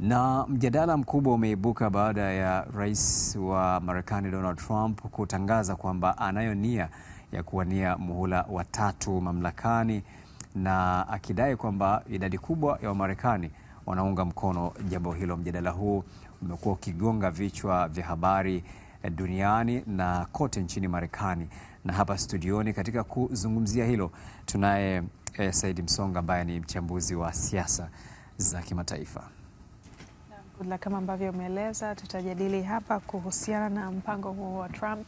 Na mjadala mkubwa umeibuka baada ya rais wa Marekani Donald Trump kutangaza kwamba anayo nia ya kuwania muhula wa tatu mamlakani na akidai kwamba idadi kubwa ya Wamarekani wanaunga mkono jambo hilo. Mjadala huu umekuwa ukigonga vichwa vya habari duniani na kote nchini Marekani. Na hapa studioni katika kuzungumzia hilo tunaye eh, Said Msonga ambaye ni mchambuzi wa siasa za kimataifa. Kudla, kama ambavyo umeeleza, tutajadili hapa kuhusiana na mpango huo wa Trump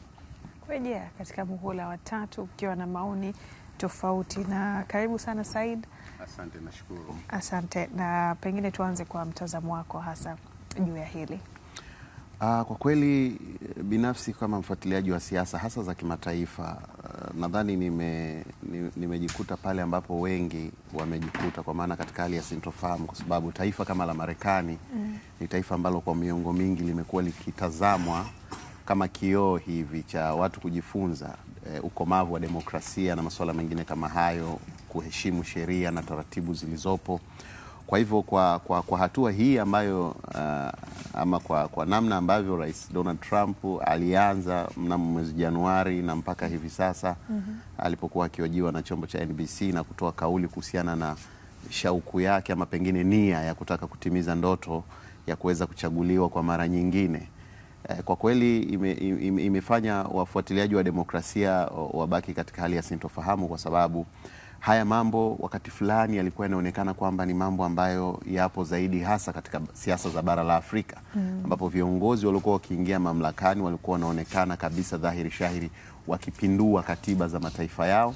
kurejea katika muhula wa tatu ukiwa na maoni tofauti. Na karibu sana Said. Asante, nashukuru. Asante, na pengine tuanze kwa mtazamo wako hasa juu ya hili. Ah, kwa kweli eh, binafsi kama mfuatiliaji wa siasa hasa za kimataifa nadhani nime, nimejikuta pale ambapo wengi wamejikuta, kwa maana katika hali ya sintofahamu, kwa sababu taifa kama la Marekani mm. ni taifa ambalo kwa miongo mingi limekuwa likitazamwa kama kioo hivi cha watu kujifunza e, ukomavu wa demokrasia na masuala mengine kama hayo, kuheshimu sheria na taratibu zilizopo. Kwa hivyo kwa, kwa, kwa hatua hii ambayo uh, ama kwa, kwa namna ambavyo Rais Donald Trump alianza mnamo mwezi Januari na mpaka hivi sasa mm -hmm. alipokuwa akiojiwa na chombo cha NBC na kutoa kauli kuhusiana na shauku yake ama pengine nia ya kutaka kutimiza ndoto ya kuweza kuchaguliwa kwa mara nyingine. Eh, kwa kweli ime, ime, imefanya wafuatiliaji wa demokrasia uh, wabaki katika hali ya sintofahamu kwa sababu haya mambo wakati fulani yalikuwa yanaonekana kwamba ni mambo ambayo yapo zaidi hasa katika siasa za bara la Afrika mm. ambapo viongozi waliokuwa wakiingia mamlakani walikuwa wanaonekana kabisa dhahiri shahiri wakipindua katiba za mataifa yao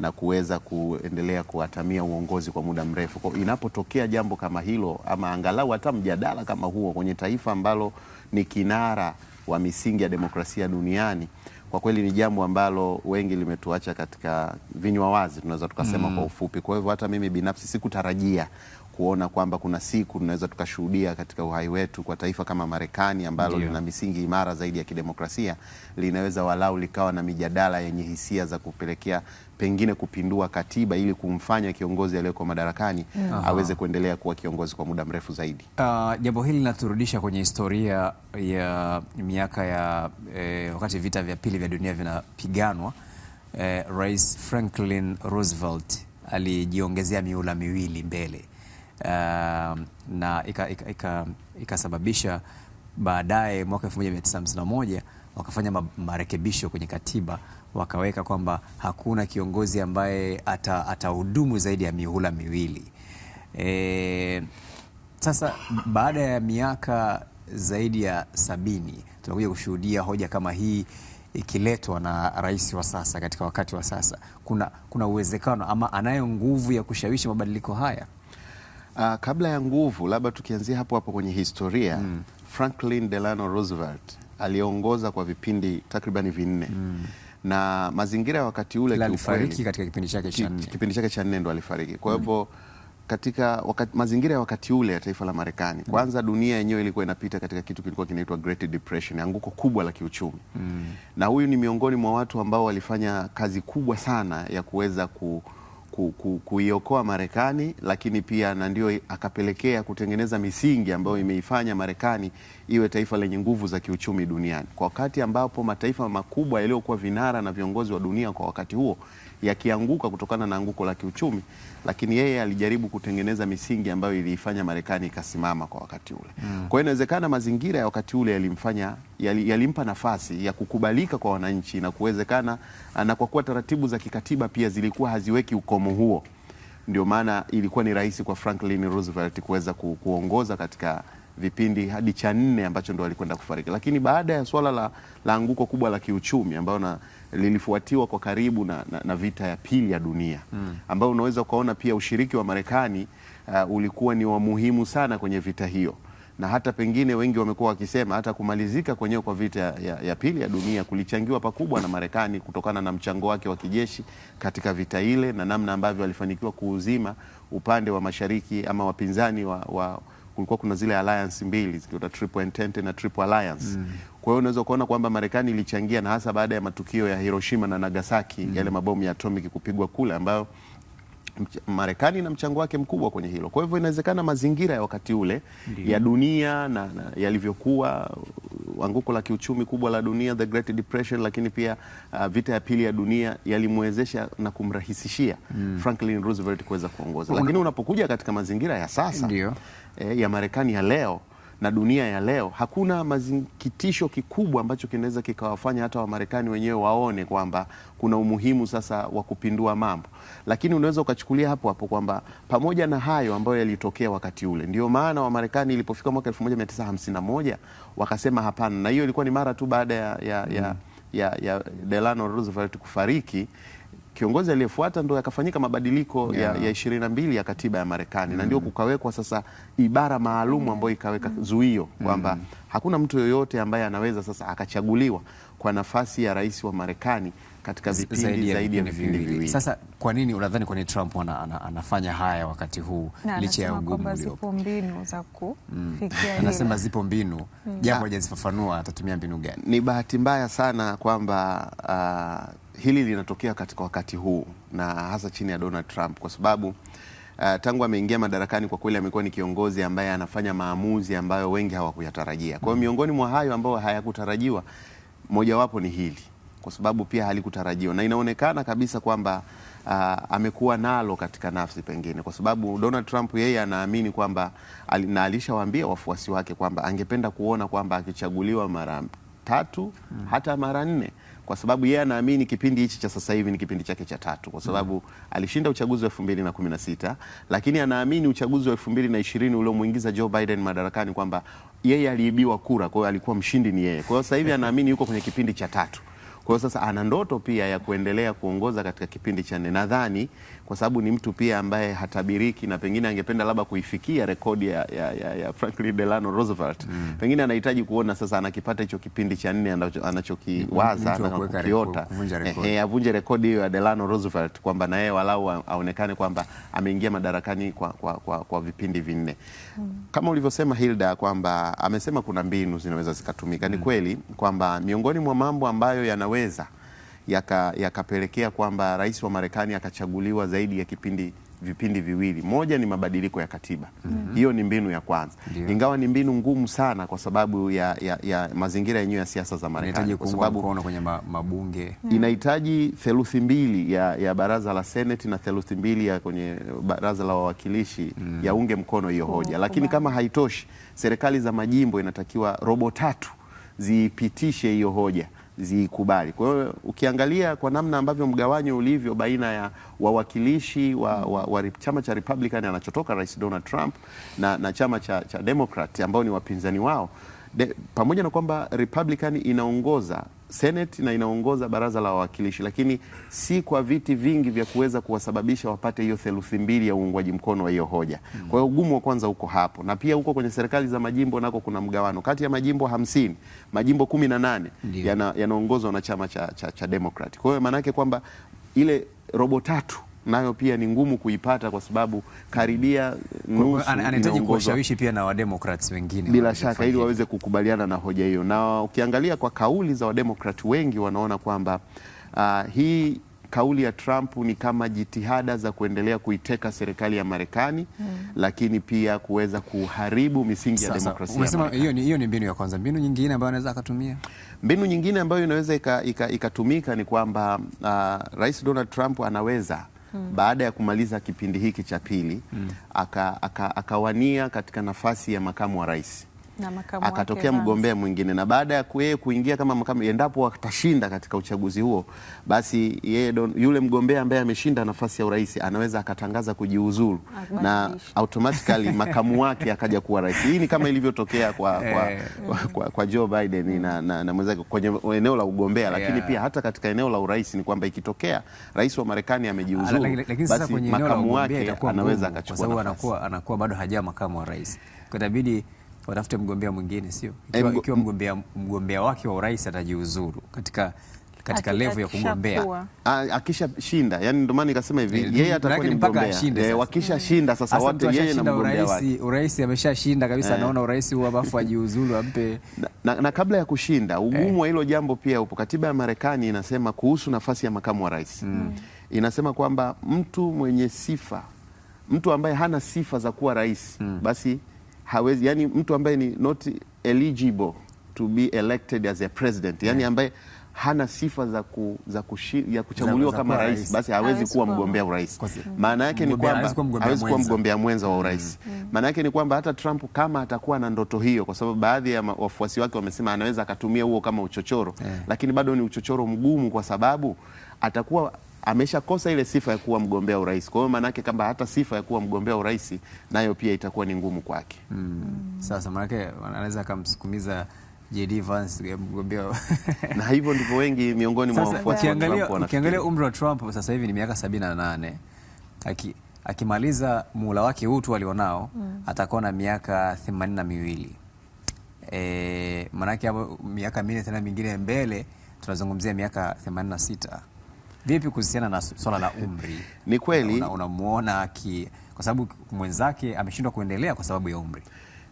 na kuweza kuendelea kuatamia uongozi kwa muda mrefu. Kwa inapotokea jambo kama hilo ama angalau hata mjadala kama huo kwenye taifa ambalo ni kinara wa misingi ya demokrasia duniani kwa kweli ni jambo ambalo wengi limetuacha katika vinywa wazi, tunaweza tukasema mm. kwa ufupi. Kwa hivyo hata mimi binafsi sikutarajia kuona kwamba kuna siku tunaweza tukashuhudia katika uhai wetu kwa taifa kama Marekani ambalo lina misingi imara zaidi ya kidemokrasia linaweza walau likawa na mijadala yenye hisia za kupelekea pengine kupindua katiba ili kumfanya kiongozi aliyeko madarakani mm. aweze kuendelea kuwa kiongozi kwa muda mrefu zaidi. Uh, jambo hili linaturudisha kwenye historia ya miaka ya eh, wakati vita vya pili vya dunia vinapiganwa eh, Rais Franklin Roosevelt alijiongezea miula miwili mbele Um, na ikasababisha ika, ika, ika baadaye mwaka moja wakafanya marekebisho kwenye katiba wakaweka kwamba hakuna kiongozi ambaye atahudumu ata zaidi ya mihula miwili. E, sasa baada ya miaka zaidi ya sabini tunakuja kushuhudia hoja kama hii ikiletwa na rais wa sasa katika wakati wa sasa. Kuna, kuna uwezekano ama anayo nguvu ya kushawishi mabadiliko haya? Uh, kabla ya nguvu, labda tukianzia hapo hapo kwenye historia mm. Franklin Delano Roosevelt aliongoza kwa vipindi takribani vinne mm. na mazingira ya wakati ule kiukweli, katika kipindi chake cha nne kipindi chake cha nne ndo alifariki. Kwa mm. hivyo mm. katika wakati, mazingira ya wakati ule ya taifa la Marekani mm. kwanza, dunia yenyewe ilikuwa inapita katika kitu kilikuwa kinaitwa Great Depression, anguko kubwa la kiuchumi mm. na huyu ni miongoni mwa watu ambao walifanya kazi kubwa sana ya kuweza ku kuiokoa Marekani, lakini pia na ndio akapelekea kutengeneza misingi ambayo imeifanya Marekani iwe taifa lenye nguvu za kiuchumi duniani, kwa wakati ambapo mataifa makubwa yaliyokuwa vinara na viongozi wa dunia kwa wakati huo yakianguka kutokana na anguko la kiuchumi, lakini yeye alijaribu kutengeneza misingi ambayo iliifanya Marekani ikasimama kwa wakati ule mm. Kwa hiyo inawezekana mazingira ya wakati ule yalimfanya yalimpa nafasi ya kukubalika kwa wananchi na kuwezekana, na kwa kuwa taratibu za kikatiba pia zilikuwa haziweki ukomo huo, ndio maana ilikuwa ni rahisi kwa Franklin Roosevelt kuweza ku, kuongoza katika vipindi hadi cha nne ambacho ndo alikwenda kufariki. Lakini baada ya swala la, la anguko kubwa la kiuchumi ambayo na lilifuatiwa kwa karibu na, na, na vita ya pili ya dunia mm. ambayo unaweza ukaona pia ushiriki wa Marekani uh, ulikuwa ni wa muhimu sana kwenye vita hiyo na hata pengine wengi wamekuwa wakisema hata kumalizika kwenyewe kwa vita ya, ya pili ya dunia kulichangiwa pakubwa na Marekani kutokana na mchango wake wa kijeshi katika vita ile na namna ambavyo alifanikiwa kuuzima upande wa mashariki ama wapinzani wa, wa kulikuwa kuna zile alliance mbili zikiota Triple Entente na Triple Alliance mm. Kwa hiyo unaweza kuona kwamba Marekani ilichangia na hasa baada ya matukio ya Hiroshima na Nagasaki mm -hmm. yale mabomu ya atomic kupigwa kule ambayo Marekani na mchango wake mkubwa kwenye hilo. Kwa hivyo inawezekana mazingira ya wakati ule Ndiyo. ya dunia na, na yalivyokuwa anguko la kiuchumi kubwa la dunia the Great Depression, lakini pia uh, vita ya pili ya dunia yalimwezesha na kumrahisishia mm. Franklin Roosevelt kuweza kuongoza, lakini unapokuja katika mazingira ya sasa eh, ya Marekani ya leo na dunia ya leo, hakuna mazingitisho kikubwa ambacho kinaweza kikawafanya hata Wamarekani wenyewe waone kwamba kuna umuhimu sasa wa kupindua mambo. Lakini unaweza ukachukulia hapo hapo kwamba pamoja na hayo ambayo yalitokea wakati ule, ndio maana Wamarekani ilipofika mwaka 1951 wakasema hapana, na hiyo ilikuwa ni mara tu baada ya, ya, ya, ya, ya Delano Roosevelt kufariki kiongozi aliyefuata ndo yakafanyika mabadiliko yeah. ya ishirini na mbili ya katiba ya Marekani mm. na ndio kukawekwa sasa ibara maalum ambayo ikaweka mm. zuio kwamba mm. hakuna mtu yoyote ambaye anaweza sasa akachaguliwa kwa nafasi ya rais wa Marekani katika vipindi zaidi ya vipindi viwili. Sasa kwa nini unadhani kwa nini Trump ana, ana, anafanya haya wakati huu licha ya ugumu ulio? Zipo mbinu za kufikia mm. Anasema zipo mbinu mm. Japo hajazifafanua atatumia mbinu gani. Ni bahati mbaya sana kwamba uh, hili linatokea katika wakati huu na hasa chini ya Donald Trump kwa sababu uh, tangu ameingia madarakani kwa kweli amekuwa ni kiongozi ambaye anafanya maamuzi ambayo wengi hawakuyatarajia. Kwa hiyo mm. miongoni mwa hayo ambayo hayakutarajiwa mojawapo ni hili, kwa sababu pia halikutarajiwa na inaonekana kabisa kwamba uh, amekuwa nalo katika nafsi pengine, kwa sababu Donald Trump yeye anaamini kwamba na alishawaambia wafuasi wake kwamba angependa kuona kwamba akichaguliwa mara tatu hmm. hata mara nne kwa sababu yeye anaamini kipindi hichi cha sasa hivi ni kipindi chake cha tatu, kwa sababu alishinda uchaguzi wa 2016 lakini anaamini uchaguzi wa 2020 uliomuingiza Joe Biden madarakani kwamba yeye aliibiwa kura, kwa hiyo alikuwa mshindi ni yeye. Kwa hiyo sasa hivi anaamini yuko kwenye kipindi cha tatu. Kwa hiyo sasa ana ndoto pia ya kuendelea kuongoza katika kipindi cha nne. Nadhani kwa sababu ni mtu pia ambaye hatabiriki na pengine angependa labda kuifikia rekodi ya, ya, ya, ya Franklin Delano Roosevelt mm. Pengine anahitaji kuona sasa anakipata hicho kipindi cha nne anachokiwaza anachokiota, eh, eh, avunje rekodi hiyo ya Delano Roosevelt kwamba na yeye walau aonekane kwamba ameingia madarakani kwa, kwa, kwa, kwa vipindi vinne mm. Kama ulivyosema Hilda kwamba amesema kuna mbinu zinaweza zikatumika, ni mm. kweli kwamba miongoni mwa mambo ambayo yanaweza yakapelekea yaka kwamba rais wa Marekani akachaguliwa zaidi ya kipindi vipindi viwili. Moja ni mabadiliko ya katiba mm -hmm. Hiyo ni mbinu ya kwanza yeah. Ingawa ni mbinu ngumu sana kwa sababu ya, ya, ya mazingira yenyewe ya siasa za Marekani, kwa sababu kwenye mabunge hmm. inahitaji theluthi mbili ya, ya baraza la seneti na theluthi mbili ya kwenye baraza la wawakilishi mm -hmm. yaunge mkono hiyo hoja, lakini kama haitoshi, serikali za majimbo inatakiwa robo tatu ziipitishe hiyo hoja ziikubali. Kwa hiyo ukiangalia kwa namna ambavyo mgawanyo ulivyo baina ya wawakilishi wa, wa, wa, wa chama cha Republican anachotoka Rais Donald Trump na, na chama cha, cha Democrat ambao ni wapinzani wao de, pamoja na kwamba Republican inaongoza Senate na inaongoza baraza la wawakilishi, lakini si kwa viti vingi vya kuweza kuwasababisha wapate hiyo theluthi mbili ya uungwaji mkono wa hiyo hoja. Hmm. Kwa hiyo ugumu wa kwanza uko hapo, na pia huko kwenye serikali za majimbo nako kuna mgawano kati ya majimbo hamsini, majimbo kumi na nane yanaongozwa na chama cha, cha, cha Democrat. Kwa hiyo maanaake kwamba ile robo tatu nayo pia ni ngumu kuipata kwa sababu karibia nusu anahitaji kuwashawishi pia na wademokrats wengine bila shaka, ili waweze kukubaliana na hoja hiyo. Na ukiangalia kwa kauli za wademokrat wengi wanaona kwamba uh, hii kauli ya Trump ni kama jitihada za kuendelea kuiteka serikali ya Marekani hmm, lakini pia kuweza kuharibu misingi sasa ya demokrasia. Unasema hiyo ni, hiyo ni mbinu ya kwanza. Mbinu nyingine ambayo anaweza akatumia, mbinu nyingine ambayo inaweza ikatumika ika, ika ni kwamba uh, Rais Donald Trump anaweza hmm. baada ya kumaliza kipindi hiki cha pili hmm. akawania aka, aka katika nafasi ya makamu wa rais akatokea mgombea mwingine, na baada ya yeye kuingia kama makamu, endapo atashinda katika uchaguzi huo, basi yeye yule mgombea ambaye ameshinda nafasi ya urais anaweza akatangaza kujiuzuru na automatically makamu wake akaja kuwa rais. Hii ni kama ilivyotokea kwa, eh. kwa, kwa, kwa, kwa Joe Biden na, na, na mwenzake kwenye eneo la ugombea, lakini yeah. pia hata katika eneo la urais ni kwamba ikitokea rais wa Marekani amejiuzuru, ah, basi makamu wake anaweza akachukua nafasi, anakuwa bado hajaa makamu wa rais, kwa itabidi watafute mgombea mwingine, sio eh, ikiwa, e, ikiwa mgombea, mgombea wake wa urais atajiuzuru katika katika levu ya kugombea akishashinda, yani ndio maana nikasema hivi, eh, yeye atakuwa ni mgombea eh, wakisha wakishashinda sasa wote yeye na mgombea wake. Urais ameshashinda kabisa eh, urais huo alafu ajiuzulu ampe na, na, kabla ya kushinda ugumu wa hilo jambo pia upo. Katiba ya Marekani inasema kuhusu nafasi ya makamu wa rais mm, mm. inasema kwamba mtu mwenye sifa, mtu ambaye hana sifa za kuwa rais mm, basi hawezi, yani mtu ambaye ni not eligible to be elected as a president, yani ambaye hana sifa za, ku, za, kushi, ya kuchaguliwa kama rais, basi hawezi kuwa mgombea urais. Maana yake ni kwamba hawezi kuwa mgombea mwenza wa urais. Mm. Mm. Maana yake ni kwamba hata Trump kama atakuwa na ndoto hiyo, kwa sababu baadhi ya wafuasi wake wamesema anaweza akatumia huo kama uchochoro, lakini bado ni uchochoro mgumu, kwa sababu atakuwa ameshakosa ile sifa ya kuwa mgombea urais. Kwa hiyo maanake kama hata sifa ya kuwa mgombea urais nayo pia itakuwa ni ngumu kwake. Mm. Sasa maanake anaweza akamsukumiza JD Vance eh, mgombea na hivyo ndivyo wengi miongoni mwa wafuasi wa Trump Ukiangalia umri wa Trump sasa hivi ni miaka sabini na nane aki akimaliza muhula wake huu tu alionao mm. atakuwa na miaka themanini na miwili e, maanake hapo miaka minne tena mingine mbele tunazungumzia miaka themanini na sita. Vipi kuhusiana na swala la umri? Ni kweli unamuona una ki, kwa sababu mwenzake ameshindwa kuendelea kwa sababu ya umri.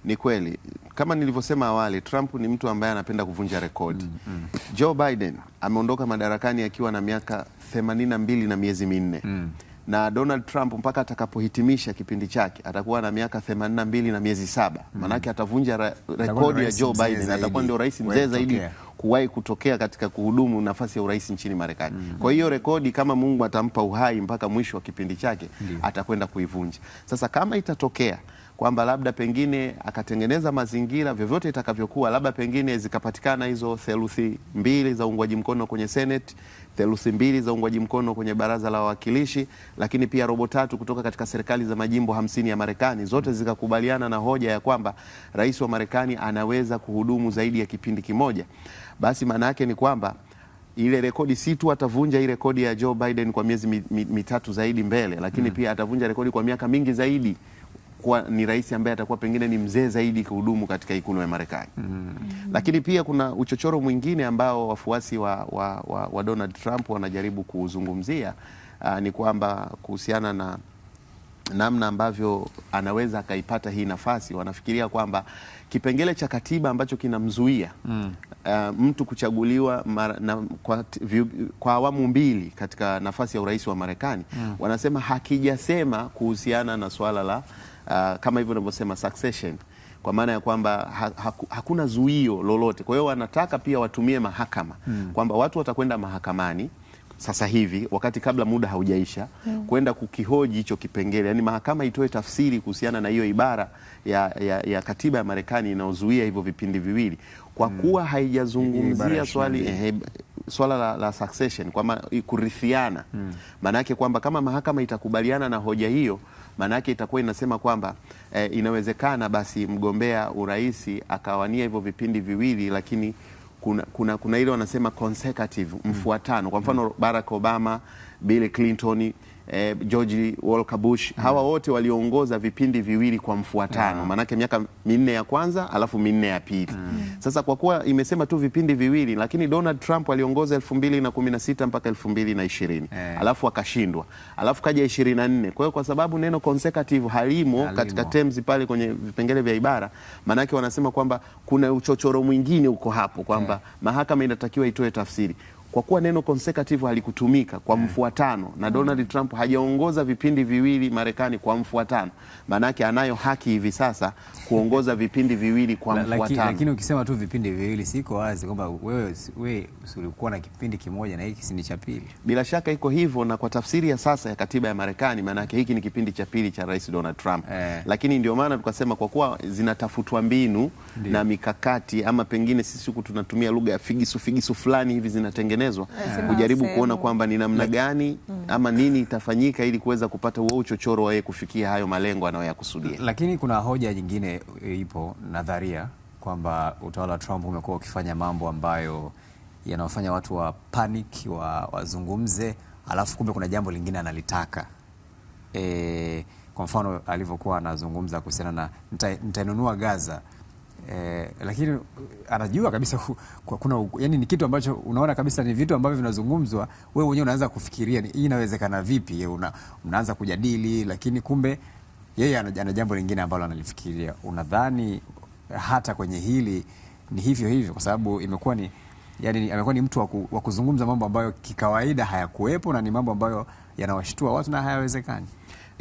Ni kweli kama nilivyosema awali, Trump ni mtu ambaye anapenda kuvunja rekodi mm, mm. Joe Biden ameondoka madarakani akiwa na miaka themanini na mbili na miezi minne mm na Donald Trump mpaka atakapohitimisha kipindi chake atakuwa na miaka 82 na miezi saba, maanake mm-hmm. atavunja rekodi ya Joe Biden, atakuwa ndio rais mzee zaidi kuwahi kutokea katika kuhudumu nafasi ya urais nchini Marekani. mm Kwa hiyo rekodi, kama Mungu atampa uhai mpaka mwisho wa kipindi chake, atakwenda kuivunja. Sasa kama itatokea kwamba labda pengine akatengeneza mazingira vyovyote itakavyokuwa, labda pengine zikapatikana hizo theluthi mbili za uungwaji mkono kwenye Senate, theluthi mbili za uungwaji mkono kwenye baraza la wawakilishi, lakini pia robo tatu kutoka katika serikali za majimbo hamsini ya Marekani, zote zikakubaliana na hoja ya kwamba rais wa Marekani anaweza kuhudumu zaidi ya kipindi kimoja, basi maana yake ni kwamba ile rekodi si tu atavunja hii rekodi ya Joe Biden kwa miezi mitatu zaidi mbele, lakini mm, pia atavunja rekodi kwa miaka mingi zaidi kuwa ni rais ambaye atakuwa pengine ni mzee zaidi kuhudumu katika ikulu ya Marekani. mm -hmm. Lakini pia kuna uchochoro mwingine ambao wafuasi wa, wa, wa, wa Donald Trump wanajaribu kuzungumzia uh, ni kwamba kuhusiana na namna ambavyo anaweza akaipata hii nafasi. Wanafikiria kwamba kipengele cha katiba ambacho kinamzuia mm. uh, mtu kuchaguliwa mara, na, kwa, kwa awamu mbili katika nafasi ya urais wa Marekani mm. wanasema hakijasema kuhusiana na swala la uh, kama hivyo unavyosema succession kwa maana ya kwamba ha, ha, hakuna zuio lolote. Kwa hiyo wanataka pia watumie mahakama hmm. kwamba watu watakwenda mahakamani sasa hivi wakati kabla muda haujaisha hmm. kwenda kukihoji hicho kipengele, yaani mahakama itoe tafsiri kuhusiana na hiyo ibara ya, ya, ya katiba ya Marekani inayozuia hivyo vipindi viwili kwa hmm. kuwa haijazungumzia swali eh, swala la, la succession kwamba kurithiana, hmm. maana yake kwamba kama mahakama itakubaliana na hoja hiyo maana yake itakuwa inasema kwamba e, inawezekana basi mgombea urais akawania hivyo vipindi viwili, lakini kuna, kuna, kuna ile wanasema consecutive mm. mfuatano, kwa mfano mm. Barack Obama, Bill Clinton eh, George Walker Bush hawa wote waliongoza vipindi viwili kwa mfuatano yeah. maanake miaka minne ya kwanza alafu minne ya pili yeah. Sasa kwa kuwa imesema tu vipindi viwili, lakini Donald Trump aliongoza elfu mbili na kumi na sita mpaka elfu mbili na ishirini yeah. alafu akashindwa, alafu kaja ishirini na nne. Kwa hiyo kwa sababu neno consecutive halimo, halimo katika terms pale kwenye vipengele vya ibara, maanake wanasema kwamba kuna uchochoro mwingine uko hapo kwamba yeah. mahakama inatakiwa itoe tafsiri kwa kuwa neno consecutive halikutumika kwa mm. mfuatano na Donald mm. Trump hajaongoza vipindi viwili Marekani kwa mfuatano, maanake anayo haki hivi sasa kuongoza vipindi viwili kwa mfuatano. Lakini ukisema tu vipindi viwili, siko wazi kwamba wewe wewe ulikuwa na kipindi kimoja na hiki ni cha pili. Bila shaka iko hivyo, na kwa tafsiri ya sasa ya katiba ya Marekani, maanake hiki ni kipindi cha pili cha Rais Donald Trump eh. Lakini ndio maana tukasema kwa kuwa zinatafutwa mbinu Ndiyo. na mikakati ama pengine sisi huku tunatumia lugha ya figisu figisu fulani hivi zinatengenezwa yeah. Eh, kujaribu kuona kwamba ni namna mm. gani mm. ama nini itafanyika ili kuweza kupata huo uchochoro wa yeye kufikia hayo malengo anayoyakusudia. Lakini kuna hoja nyingine ipo, nadharia kwamba utawala wa Trump umekuwa ukifanya mambo ambayo yanawafanya watu wa panic wa wazungumze, alafu kumbe kuna jambo lingine analitaka e, kwa mfano alivyokuwa anazungumza kuhusiana na nitainunua Gaza Eh, lakini eh, anajua kabisa kuna, yani ni kitu ambacho unaona kabisa ni vitu ambavyo vinazungumzwa, wewe mwenyewe unaanza kufikiria hii inawezekana vipi? una, unaanza kujadili, lakini kumbe yeye ana jambo lingine ambalo analifikiria. Unadhani hata kwenye hili ni hivyo hivyo, kwa sababu imekuwa ni yani, amekuwa ni mtu wa kuzungumza mambo ambayo kikawaida hayakuwepo na ni mambo ambayo yanawashtua watu na hayawezekani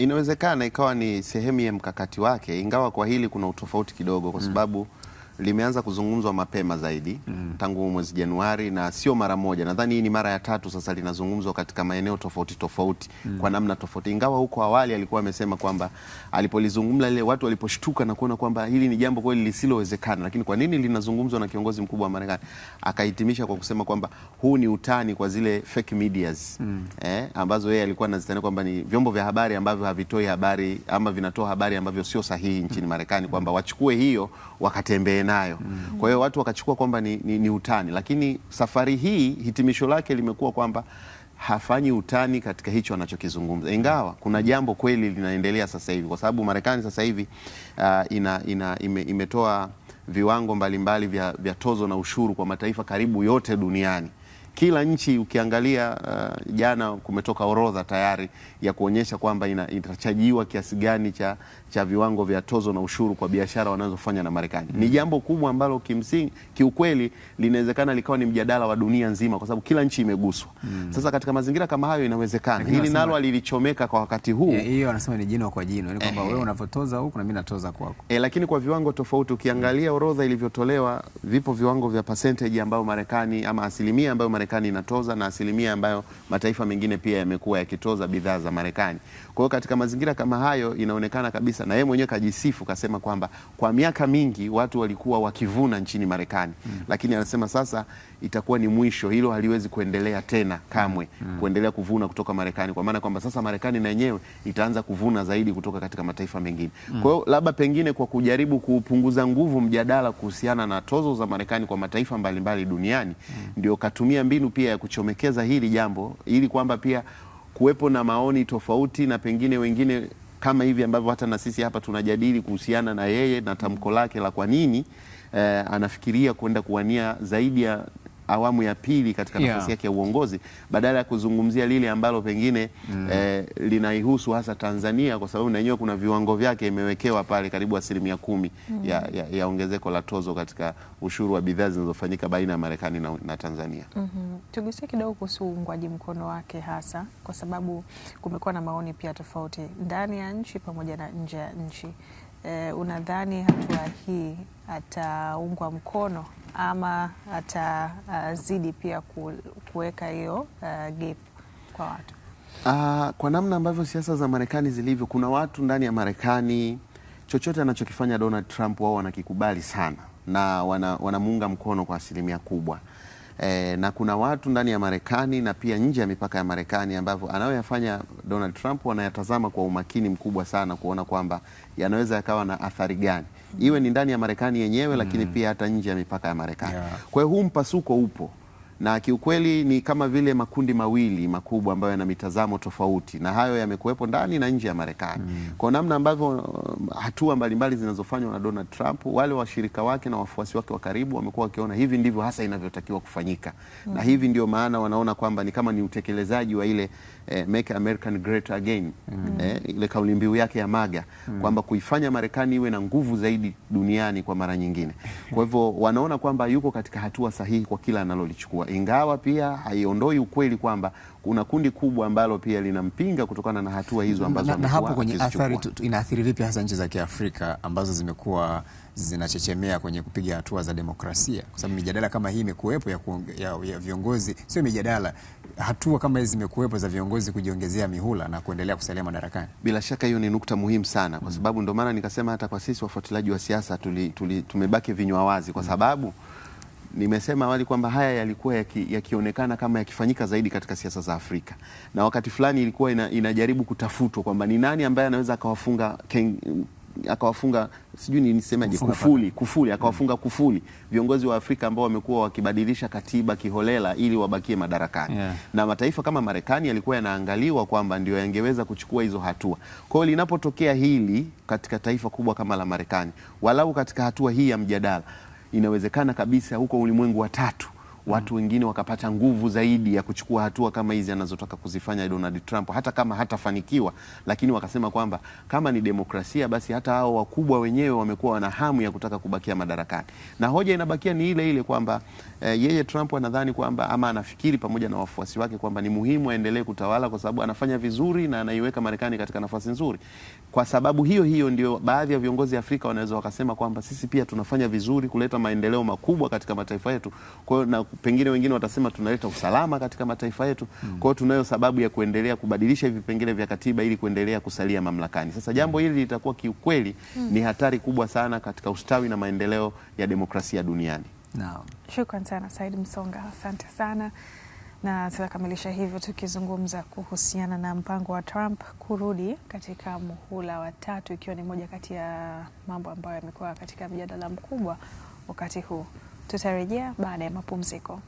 inawezekana ikawa ni sehemu ya mkakati wake, ingawa kwa hili kuna utofauti kidogo, kwa mm. sababu mm limeanza kuzungumzwa mapema zaidi mm. tangu mwezi Januari, na sio mara moja, nadhani hii ni mara ya tatu sasa linazungumzwa katika maeneo tofauti tofauti mm. kwa namna tofauti, ingawa huko awali alikuwa amesema kwamba alipolizungumza ile watu waliposhtuka na kuona kwamba hili ni jambo kweli lisilowezekana, lakini kwa nini linazungumzwa na kiongozi mkubwa wa Marekani, akahitimisha kwa kusema kwamba huu ni utani kwa zile fake medias mm. eh, ambazo yeye alikuwa anazitania kwamba ni vyombo vya habari ambavyo havitoi habari ama vinatoa habari ambavyo sio sahihi nchini mm. Marekani, kwamba wachukue hiyo wakatembee nayo mm. Kwa hiyo watu wakachukua kwamba ni, ni, ni utani, lakini safari hii hitimisho lake limekuwa kwamba hafanyi utani katika hicho anachokizungumza, ingawa kuna jambo kweli linaendelea sasa hivi, kwa sababu Marekani sasa hivi uh, ina, ina, ime, imetoa viwango mbalimbali mbali vya, vya tozo na ushuru kwa mataifa karibu yote duniani kila nchi ukiangalia, uh, jana kumetoka orodha tayari ya kuonyesha kwamba itachajiwa kiasi gani cha, cha viwango vya tozo na ushuru kwa biashara wanazofanya na Marekani. Ni mm-hmm. jambo kubwa ambalo kimsingi, kiukweli, linawezekana likawa ni mjadala wa dunia nzima, kwa sababu kila nchi imeguswa. Hmm. Sasa katika mazingira kama hayo inawezekana hili nalo alilichomeka kwa wakati huu. Eh, hiyo anasema ni jino kwa jino, ni kwamba eh. wewe unavyotoza huku na mimi natoza kwako. eh, lakini kwa viwango tofauti ukiangalia mm. orodha ilivyotolewa, vipo viwango vya percentage ambayo Marekani ama asilimia ambayo Marekani inatoza na asilimia ambayo mataifa mengine pia yamekuwa yakitoza bidhaa za Marekani. Kwa hiyo katika mazingira kama hayo, inaonekana kabisa na yeye mwenyewe kajisifu kasema kwamba kwa miaka mingi watu walikuwa wakivuna nchini Marekani, mm. lakini anasema sasa itakuwa ni mwisho. Hilo haliwezi kuendelea tena kamwe, mm. mm. kuendelea kuvuna kutoka Marekani, kwa maana kwamba sasa Marekani na yenyewe itaanza kuvuna zaidi kutoka katika mataifa mengine mm. Kwa hiyo labda pengine kwa kujaribu kupunguza nguvu mjadala kuhusiana na tozo za Marekani kwa mataifa mbalimbali mbali duniani mm. ndio katumia mbinu pia ya kuchomekeza hili jambo ili kwamba pia kuwepo na maoni tofauti na pengine wengine kama hivi ambavyo hata na sisi hapa tunajadili kuhusiana na yeye na tamko lake la kwa nini eh, anafikiria kwenda kuwania zaidi ya awamu ya pili katika nafasi yake ya uongozi badala ya kuzungumzia lile ambalo pengine mm. eh, linaihusu hasa Tanzania kwa sababu na kuna viwango vyake imewekewa pale karibu asilimia kumi mm. ya, ya, ya ongezeko la tozo katika ushuru wa bidhaa zinazofanyika baina ya Marekani na, na Tanzania. mm -hmm. Tugusie kidogo kuhusu uungwaji mkono wake hasa kwa sababu kumekuwa na maoni pia tofauti ndani ya nchi pamoja na nje ya nchi. Eh, unadhani hatua hii ataungwa mkono ama atazidi uh, pia kuweka hiyo uh, gap kwa watu uh, kwa namna ambavyo siasa za Marekani zilivyo, kuna watu ndani ya Marekani chochote anachokifanya Donald Trump wao wanakikubali sana na wanamuunga wana mkono kwa asilimia kubwa e, na kuna watu ndani ya Marekani na pia nje ya mipaka ya Marekani ambavyo anayoyafanya Donald Trump wanayatazama kwa umakini mkubwa sana kuona kwamba yanaweza yakawa na athari gani, iwe ni ndani ya Marekani yenyewe, lakini mm. pia hata nje ya mipaka ya Marekani yeah. Kwa hiyo huu mpasuko upo na kiukweli ni kama vile makundi mawili makubwa ambayo yana mitazamo tofauti, na hayo yamekuwepo ndani na nje ya Marekani mm. Kwa namna ambavyo uh, hatua mbalimbali zinazofanywa na Donald Trump, wale washirika wake na wafuasi wake wa karibu wamekuwa wakiona hivi ndivyo hasa inavyotakiwa kufanyika mm. Na hivi ndio maana wanaona kwamba ni kama ni utekelezaji wa ile eh, Make America Great Again mm. eh, ile kauli mbiu yake ya MAGA mm. kwamba kuifanya Marekani iwe na nguvu zaidi duniani kwa mara nyingine. Kwa hivyo wanaona kwamba yuko katika hatua sahihi kwa kila analolichukua ingawa pia haiondoi ukweli kwamba kuna kundi kubwa ambalo pia linampinga kutokana na hatua hizo ambazo na, Na hapo kwenye athari inaathiri vipi hasa nchi za Kiafrika ambazo zimekuwa zinachechemea kwenye kupiga hatua za demokrasia? Kwa sababu mijadala kama hii imekuwepo ya, ya, ya viongozi, sio mijadala, hatua kama hizi zimekuwepo za viongozi kujiongezea mihula na kuendelea kusalia madarakani. Bila shaka hiyo ni nukta muhimu sana, kwa mm. sababu ndio maana nikasema hata kwa sisi wafuatiliaji wa siasa tuli, tuli, tumebaki vinywa wazi kwa sababu Nimesema awali kwamba haya yalikuwa yakionekana ya kama yakifanyika zaidi katika siasa za Afrika, na wakati fulani ilikuwa ina, inajaribu kutafutwa kwamba ni nani ambaye anaweza akawafunga akawafunga sijui nisemaje, kufuli kufuli, hmm. akawafunga kufuli viongozi wa Afrika ambao wamekuwa wakibadilisha katiba kiholela ili wabakie madarakani yeah. Na mataifa kama Marekani yalikuwa yanaangaliwa kwamba ndio yangeweza kuchukua hizo hatua. Kwa hiyo linapotokea hili katika taifa kubwa kama la Marekani, walau katika hatua hii ya mjadala inawezekana kabisa huko ulimwengu wa tatu watu wengine wakapata nguvu zaidi ya kuchukua hatua kama hizi anazotaka kuzifanya Donald Trump, hata kama hatafanikiwa, lakini wakasema kwamba kama ni demokrasia, basi hata hao wakubwa wenyewe wamekuwa wana hamu ya kutaka kubakia madarakani, na hoja inabakia ni ile ile kwamba e, yeye Trump anadhani kwamba ama anafikiri pamoja na wafuasi wake kwamba ni muhimu aendelee kutawala kwa sababu anafanya vizuri na anaiweka Marekani katika nafasi nzuri. Kwa sababu hiyo hiyo, ndio baadhi ya viongozi Afrika wanaweza wakasema kwamba sisi pia tunafanya vizuri kuleta maendeleo makubwa katika mataifa yetu, kwa hiyo na pengine wengine watasema tunaleta usalama katika mataifa yetu mm. Kwa hiyo tunayo sababu ya kuendelea kubadilisha vipengele vya katiba ili kuendelea kusalia mamlakani. Sasa jambo hili litakuwa kiukweli mm. ni hatari kubwa sana katika ustawi na maendeleo ya demokrasia duniani. Naam. Shukran sana Said Msonga, asante sana na tunakamilisha hivyo tukizungumza kuhusiana na mpango wa Trump kurudi katika muhula wa tatu, ikiwa ni moja kati ya mambo ambayo yamekuwa katika mjadala mkubwa wakati huu. Tutarejea baada ya mapumziko.